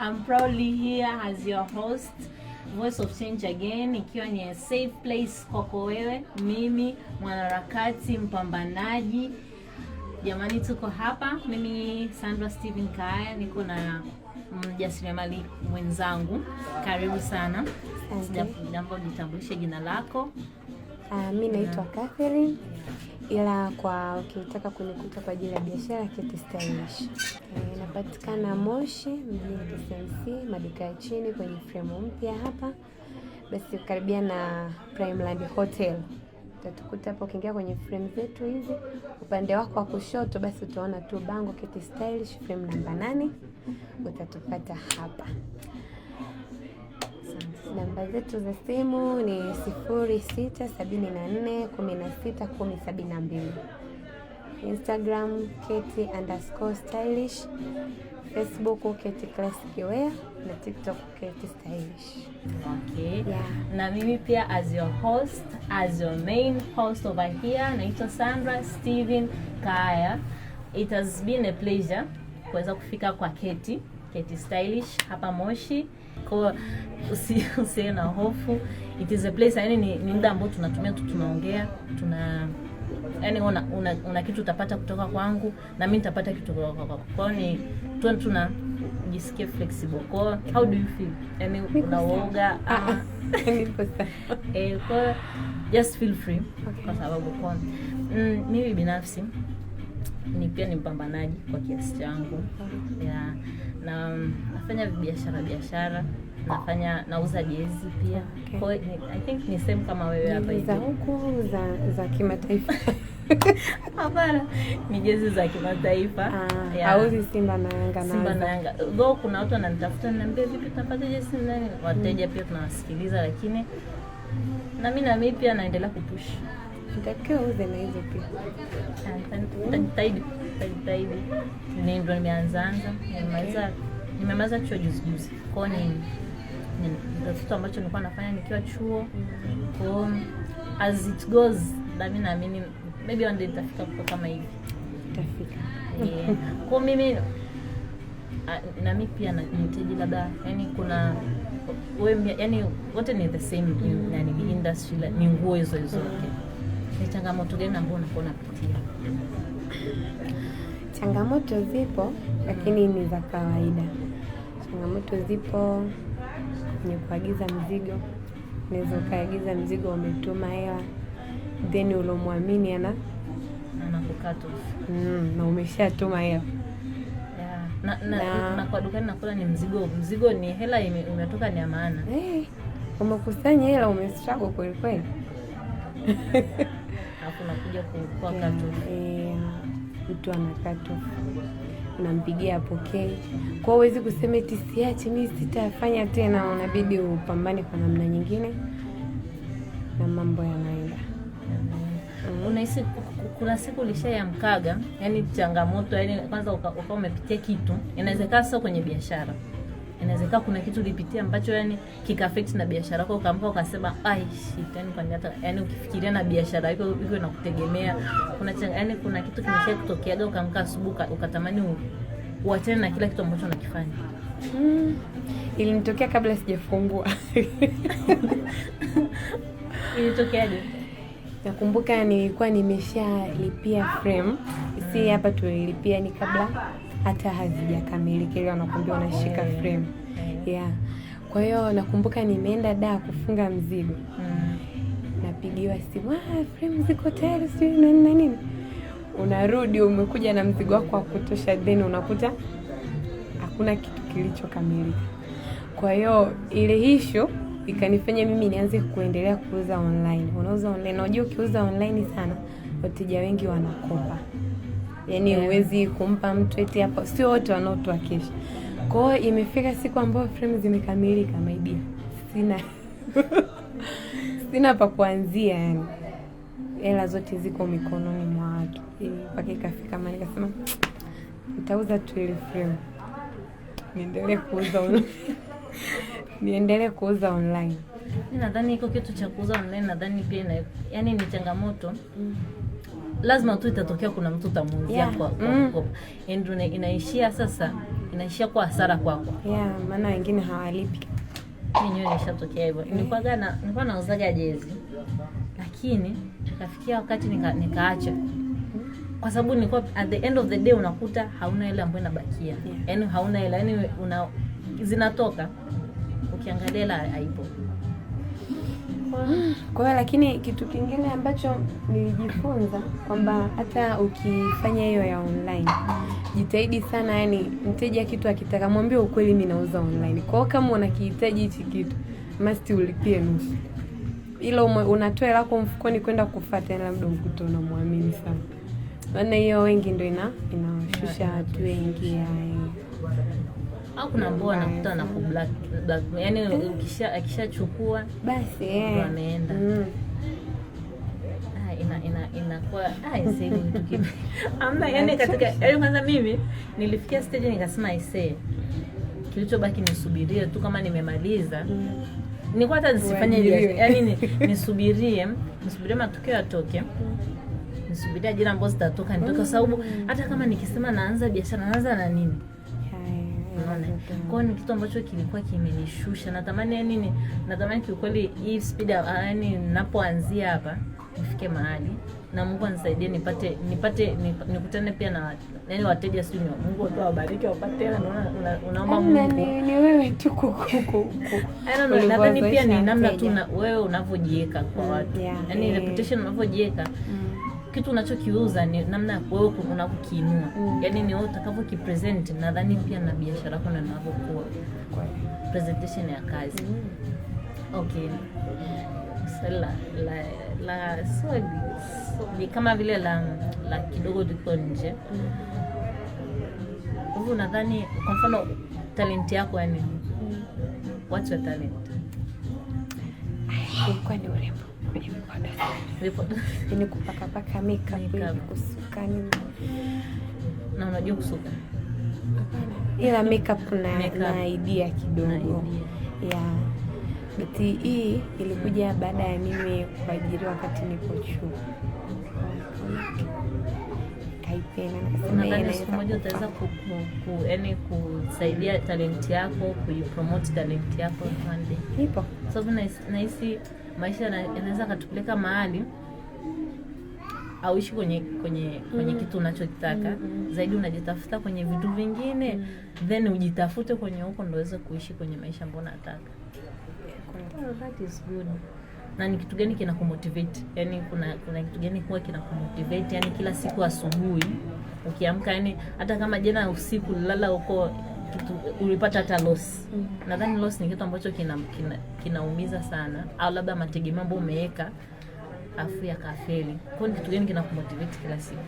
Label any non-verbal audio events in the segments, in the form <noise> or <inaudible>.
I'm proudly here as your host Voice of Change Again, ikiwa ni a safe place kwako wewe, mimi mwanaharakati mpambanaji. Jamani, tuko hapa, mimi Sandra Steven Kaya, niko na mjasiriamali mwenzangu. Karibu sana, sijambo, jitambulishe jina lako. Uh, mi naitwa Catherine ila kwa ukitaka kunikuta kwa ajili ya biashara Kete Stylish e, eh, napatikana Moshi mjini KCMC, maduka ya chini kwenye fremu mpya hapa, basi karibia na Primeland Hotel utatukuta hapo. Ukiingia kwenye frame zetu hizi, upande wako wa kushoto, basi utaona tu bango Kete Stylish frame namba nane, utatupata hapa. Namba zetu za simu ni 0674161072, Instagram keti underscore stylish, Facebook keti classic wear na TikTok kati stylish. Okay. Yeah. Na mimi pia as your host, as your main host over here naitwa Sandra Steven Kaya. It has been a pleasure kuweza kufika kwa Keti, Keti Stylish hapa Moshi kwa usi, <laughs> usiwe na hofu. It is a place, yani ni, ni muda ambao tunatumia tu tunaongea tuna yani una, una, una kitu utapata kutoka kwangu na mimi nitapata kitu kutoka kwako. Kwa ni tu tuna jisikie flexible. Kwa how do you feel? Yani unaoga ah, ah. ah. <laughs> eh, kwa just feel free okay. Kwa sababu kwa mm, mimi binafsi ni pia ni mpambanaji kwa kiasi changu yeah na mm, nafanya biashara biashara nafanya nauza jezi pia. Okay. Kwa I think ni same kama wewe hapa Za huku za za kimataifa. <laughs> Hapana, ni jezi za kimataifa. Ah, auzi Simba na Yanga na Simba na Yanga. Though kuna watu wananitafuta naambia vipi tunapata jezi nani? Wateja pia tunawasikiliza lakini na mimi na mimi pia naendelea kupush. Nitakiwa uze na hizo pia, nitajitahidi. Ndio nimeanzaanza, nimemaliza nimemaliza chuo juzi juzi, kwao ni kitu ambacho nilikuwa nafanya nikiwa chuo, kwao as it goes, nami naamini maybe one day nitafika kwa kama hivi yeah. Kwa mimi nami pia nitaji labda, yani kuna we, yani wote ni the same in, in industry ni nguo hizo hizo okay ni changamoto gani ambayo unakuwa unapitia? Changamoto zipo lakini ni za kawaida. Changamoto zipo kwenye kuagiza mzigo, unaweza ukaagiza mzigo umetuma hela then ulomwamini ana mm, na umeshatuma hela na, na, na, na kwa dukani nakula ni mzigo mzigo ni hela imetoka ni amana. Hey, eh, umekusanya hela umestrago kweli kweli <laughs> afu nakuja katofu eh, mtu ana katofu unampigia apokee. Kwa hiyo huwezi kusema eti siache mimi sitafanya tena, unabidi upambane kwa namna nyingine na mambo yanaenda. Mm. Unahisi kuna siku ulishayamkaga, yani changamoto, yani kwanza ukawa umepitia kitu, inawezekana sio kwenye biashara inawezekana kuna kitu ulipitia ambacho yani kikaffect na biashara yako, ukaamka ukasema ai shit, yani kwa nyata, yani ukifikiria na biashara yako hivyo inakutegemea kuna yani kuna kitu kimesha kutokeaga, ukaamka asubuhi ukatamani uachane na kila kitu ambacho unakifanya. Mm, ilinitokea kabla sijafungua <laughs> ilitokeaje? Nakumbuka nilikuwa nimeshalipia frame, si hapa tulilipia ni kabla hata hazijakamilika, ile wanakuambia unashika frame yeah. Kwa hiyo nakumbuka nimeenda da kufunga mzigo mm. Napigiwa simu ah, frame ziko tayari, sijui nani na nini. Unarudi umekuja na mzigo wako wa kutosha, then unakuta hakuna kitu kilichokamilika. Kwa hiyo ile issue ikanifanya mimi nianze kuendelea kuuza online. Unauza online, unajua ukiuza online sana wateja wengi wanakopa yani huwezi kumpa mtu eti hapo, sio wote wanaotoa kesha. Kwa hiyo imefika siku ambayo frame zimekamilika, maybe sina <laughs> sina pa kuanzia, yani hela zote ziko mikononi mwa watu, yaani mpaka ikafika maana nikasema nitauza tu ile frame niendelee kuuza <laughs> niendelee kuuza online. Nadhani iko kitu cha kuuza online, nadhani pia yani ni changamoto mm lazima tu itatokea kuna mtu utamuuzia yeah. kwa, kwa mm. mkopo inaishia sasa, inaishia kwa hasara kwako yeah, maana wengine hawalipi. Mimi nishatokea hivyo yeah. Mm. nilikuwa gana nilikuwa nauzaga jezi, lakini nikafikia wakati nika, nikaacha kwa sababu nilikuwa at the end of the day unakuta hauna ile ambayo inabakia, yaani yeah. hauna ile, yaani una zinatoka ukiangalia haipo kwa hiyo lakini kitu kingine ambacho nilijifunza kwamba hata ukifanya hiyo ya online jitahidi sana, yani mteja kitu akitaka mwambie ukweli, mimi nauza online. Kwa hiyo kama unakihitaji hichi kitu masti ulipie nusu, ila unatoa lako mfukoni kwenda kufuata, labda mkuta unamwamini sana, maana hiyo wengi ndio ina inawashusha watu wengi au kuna ambao anakuta na ku black black, yani ukisha akishachukua basi yeah. Ameenda mm. ah, Ina, ina, inakuwa ah, <laughs> amna yani katika yani, kwanza mimi nilifikia stage nikasema aisee, kilichobaki nisubirie tu kama nimemaliza mm. kwa hata nisifanye yani <laughs> nisubirie nisubirie matokeo yatoke nisubirie ajira ambazo zitatoka nitoke, kwa sababu mm. hata kama nikisema naanza biashara naanza na nini sana kwao, ni kitu ambacho kilikuwa kimenishusha. Natamani yani, natamani kiukweli hii speed yani, ninapoanzia hapa nifike mahali na Mungu anisaidie nipate nipate nikutane pia na yani wateja, si ni Mungu tu awabariki wapate hela. Naona unaomba yaani Mungu ni wewe tu kukuku. Nadhani pia ni namna tu wewe unavyojiweka kwa watu, mm, yani reputation unavyojiweka mm kitu unachokiuza ni namna ya wewe unakukiinua mm. Yaani ni wewe utakavyokipresent, nadhani pia na biashara yako na inavyokuwa presentation ya kazi mm. Okay, swali la, la, la swali ni kama vile la, la kidogo tuko nje mm. mm. Unadhani kwa mfano talenti yako yani mm. What's your talent? Ilikuwa ni urembo kwenye kupaka ni kupakapaka makeup, kusuka nini, na unajua kusuka ila makeup na idea kidogo ya biti hii ilikuja baada ya mimi kuajiriwa wakati nipo chuo. Eh, moja utaweza yaani kusaidia talenti yako, kuipromote talenti yako. Ipo sababu nahisi maisha yanaweza katupeleka mahali auishi kwenye kwenye kwenye mm. kitu unachokitaka mm -hmm. zaidi unajitafuta kwenye vitu vingine mm then ujitafute kwenye huko ndo uweze kuishi kwenye maisha ambayo unataka. Yeah, Na ni kitu gani kinakumotivate? Yani kuna kuna kitu gani kuwa kinakumotivate? Yani kila siku asubuhi ukiamka, yani hata kama jana usiku lala huko ulipata hata loss. Mm. Nadhani loss ni kitu ambacho kinaumiza kina, kina sana, au labda mategemeo ambayo umeweka afu yakafeli. Kwani kitu gani kinakumotivate kila siku?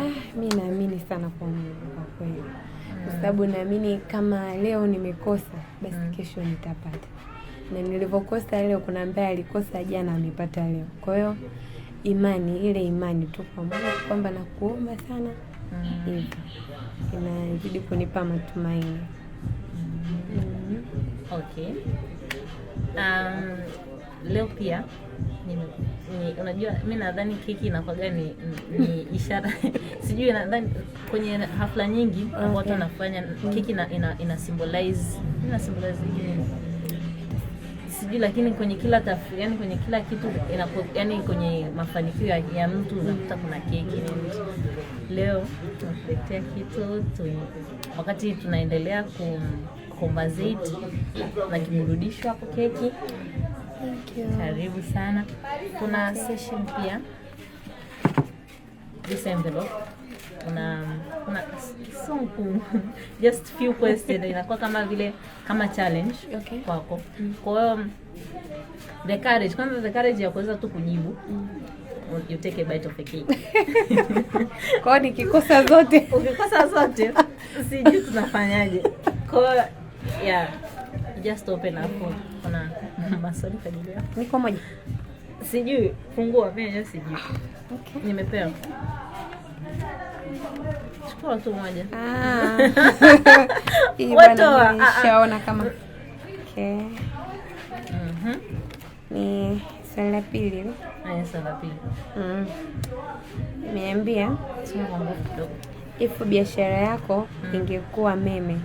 Ah, mi naamini sana kwa Mungu kwa kweli, kwa mm. sababu naamini kama leo nimekosa basi mm. kesho nitapata, na nilivyokosa leo kuna ambaye alikosa jana amepata leo. Kwa hiyo imani ile imani tu kwa Mungu kwamba nakuomba sana hivyo inazidi kunipa matumaini. Mm-hmm. Okay. Um, leo pia ni, ni, unajua mi nadhani keki inakwaga ni, ni ishara <laughs> sijui, nadhani kwenye hafla nyingi okay, watu wanafanya keki ina, ina, ina symbolize ina symbolize sijui, lakini kwenye kila tafu, yani kwenye kila kitu ina, yani kwenye mafanikio ya, ya mtu unakuta kuna keki leo tunakuletea kitu tu, wakati tunaendelea ku kumazit na kiburudisho hapo keki. Karibu sana. Kuna session pia this envelope kuna kuna song <laughs> just few questions inakuwa kama vile kama challenge okay, kwako. Mm. Kwa hiyo the courage kwanza, the courage ya kuweza tu kujibu mm you take a bite of a cake. <laughs> Kwao nikikosa zote ukikosa zote sijui tunafanyaje. Kwa yeah, just open up. Kuna maswali kwa ajili yako. Niko moja. Sijui fungua mimi sijui. Okay. Nimepewa. Chukua tu moja. Ah. <laughs> ah, ah. Nishaona kama. Okay. Mhm. Ni swali la pili, mm. Niambia ifu biashara yako mm. ingekuwa meme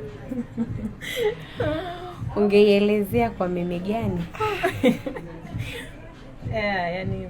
<laughs> ungeielezea kwa meme gani? yeah, yani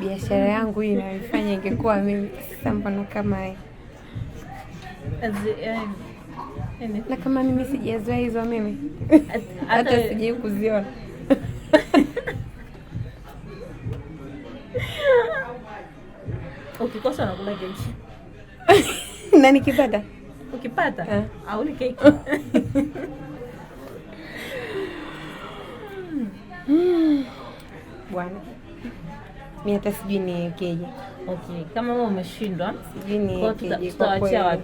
biashara yangu hii inaifanya ingekuwa meme. Sasa mbona kama na kama mimi sijazoea hizo mimi <laughs> hata sijai kuziona ukikosa unakula keki <laughs> na nikipata ukipata eh. auli keki <laughs> bwana mi hata sijui niekeje. Okay, kama umeshindwa sijui niekeje, tutawachia watu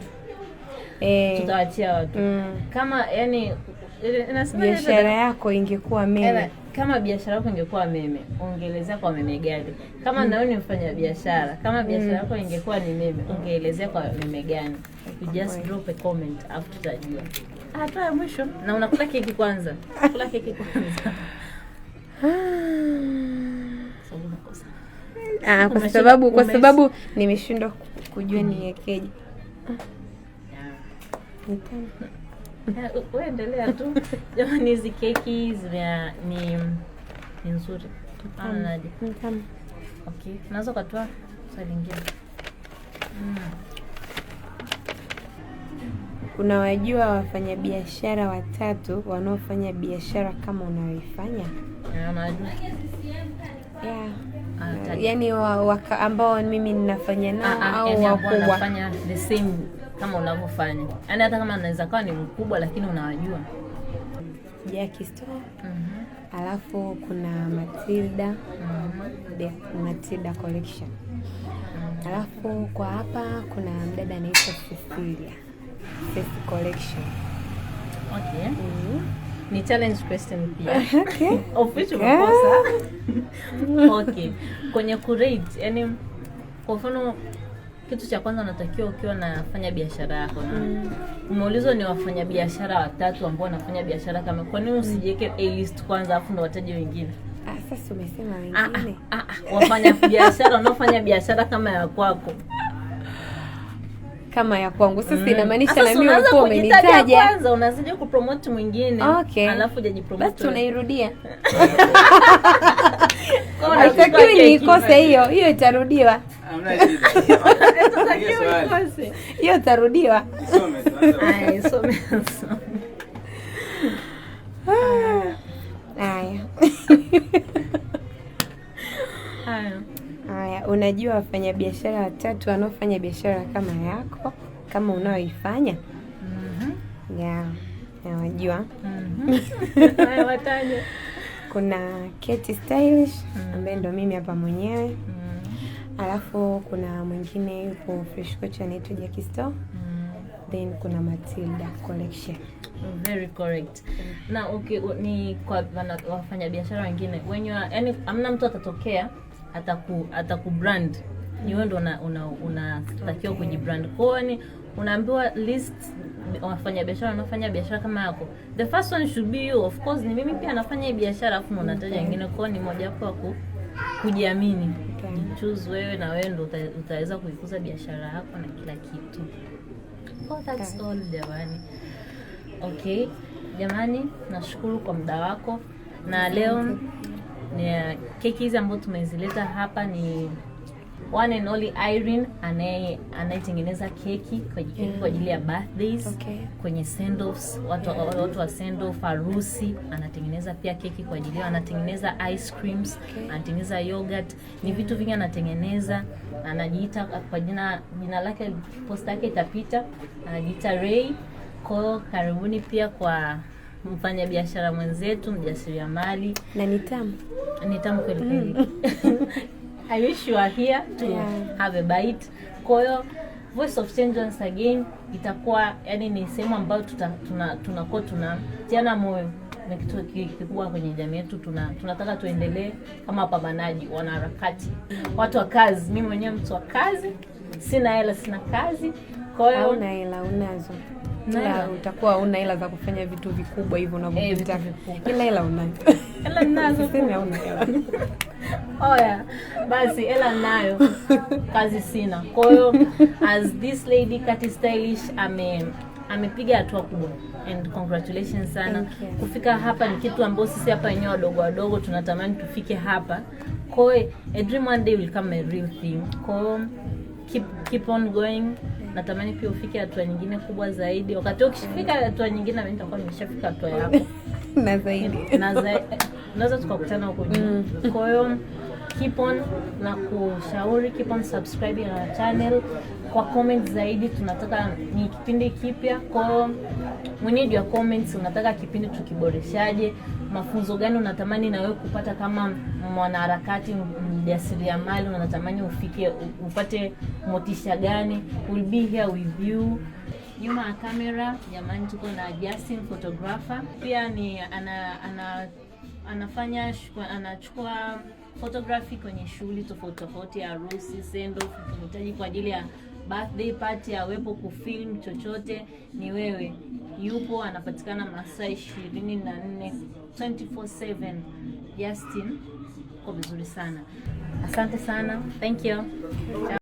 eh, watu mm. kama yani eh, biashara yako ingekuwa meme eh, kama biashara yako ingekuwa meme, ungeelezea kwa meme gani? Kama mm. naoni mfanya biashara, kama biashara mm. yako mm. ingekuwa ni meme, ungeelezea kwa meme gani? You just drop a comment afu tutajua ah, hatua ya mwisho. Na unakula keki kwanza, kula keki kwanza ah, kwa sababu kwa sababu nimeshindwa kujua mm. ni ekeje Uendelea tu jamani, hizi keki ni ni nzuri. Okay, unaweza ukatoa lingine. Hmm. Unawajua wafanyabiashara watatu wanaofanya biashara kama unayoifanya? Yeah. Ah, yaani ambao mimi ninafanya nao ah, ah, au yaani wakubwa kama unavyofanya. Yaani hata kama anaweza kawa ni mkubwa, lakini unawajua Jackie Store. mm -hmm. Alafu kuna Matilda. mm -hmm. Matilda collection. mm -hmm. Alafu kwa hapa kuna mdada anaitwa Cecilia collection. Okay. mm -hmm. Ni challenge question pia. <laughs> Okay. Of which umekosa. <laughs> Okay. Kwenye kurate, yani kwa mfano kitu cha kwanza unatakiwa ukiwa nafanya biashara yako na mm. umeulizwa ni wafanya biashara watatu ambao wanafanya biashara kama, kwa nini usijiweke a list kwanza, afu ndo wataje wengine? Ah, sasa umesema ah, ah, wengine, ah, ah, ah, wafanya biashara wanaofanya biashara kama ya kwako kama ya kwangu. Sasa mm. inamaanisha na mimi ulikuwa umenitaja kwanza, unazidi kupromote mwingine okay. Alafu je, hujajipromote basi, tunairudia ni <laughs> <laughs> niikose hiyo hiyo, itarudiwa Hamna shida. Sasa <laughs> hiyo itarudiwa. Haya. <sighs> Haya, unajua wafanyabiashara watatu wanaofanya biashara kama yako kama unaoifanya? mm -hmm. Yeah, nawajua. mm -hmm. <laughs> Kuna Keti Stylish mhm. ambaye ndo mimi hapa mwenyewe. mm -hmm. Alafu kuna mwingine yupo Fresh Coach anaitwa Jackie Store. mm -hmm. Then kuna Matilda Collection. Very correct. Na okay, ni kwa wafanyabiashara wengine wenye, yani amna mtu atatokea ataku atakubrand ni wewe ndo unatakiwa una, una kujibrand. Kwa hiyo yaani, unaambiwa list wafanyabiashara wanaofanya biashara kama yako, the first one should be you. Of course ni mimi pia nafanya hii biashara, afu mnataja wengine. Kwa ni ni mojawapo ku, kujiamini, choose wewe, na wewe ndo utaweza kuikuza biashara yako na kila kitu. Oh, that's okay. All jamani. Okay jamani, nashukuru kwa muda wako na leo ni eh, keki hizi ambazo tumezileta hapa ni one and only Irene anaye anayetengeneza keki kwa mm. ajili ya birthdays, okay. Kwenye send offs watu, yeah. Watu wa send off harusi anatengeneza pia keki kwa ajili anatengeneza ice creams, okay. Anatengeneza yogurt, ni vitu vingi anatengeneza, anajiita kwa jina jina lake, posta yake itapita, anajiita Ray. Kwa hiyo karibuni pia kwa mfanya biashara mwenzetu, mjasiriamali na ni tamu, ni tamu kweli mm. kweli. <laughs> are you sure here to yeah. have a bite. Kwa hiyo Voice of Change once again itakuwa yani ni sehemu ambayo tunakuwa tuna, tuna tiana moyo na kitu kikubwa kwenye jamii yetu. Tuna, tunataka tuendelee kama wapambanaji, wanaharakati, watu wa kazi. Mimi mwenyewe mtu wa kazi, sina hela, sina kazi, kwa hiyo una hela unazo na utakuwa una hela za kufanya vitu vikubwa hivyo unavyovitaka, eh, ila hela unayo. Hela ninazo, sema hauna hela. Oya, oh, basi hela ninayo, kazi sina. Kwa hiyo as this lady Kati Stylish ame amepiga hatua kubwa and congratulations sana. Kufika hapa ni kitu ambacho sisi hapa wenyewe wadogo wadogo tunatamani tufike hapa. Kwa hiyo a dream one day will come a real thing. Kwa hiyo keep keep on going natamani pia ufike hatua nyingine kubwa zaidi. Wakati ukifika hatua nyingine, mimi nitakuwa nimeshafika hatua yako <laughs> na zaidi na zaidi, naweza tukakutana huko juu. Mm. Kwa hiyo keep on na kushauri, keep on subscribe na channel kwa comment zaidi. Tunataka ni kipindi kipya, kwa hiyo we need your comments, unataka kipindi tukiboreshaje? mafunzo gani unatamani na wewe kupata kama mwanaharakati mjasiriamali, unatamani ufike upate motisha gani? We'll be here with you. Nyuma ya kamera, jamani, tuko na Justin photographer, pia ni ana, ana anafanya anachukua photography kwenye shughuli tofauti tofauti ya harusi, sendo off, kwa ajili ya birthday party awepo kufilm chochote, ni wewe. Yupo, anapatikana masaa ishirini na nne 24/7. Justin, uko vizuri sana, asante sana, thank you.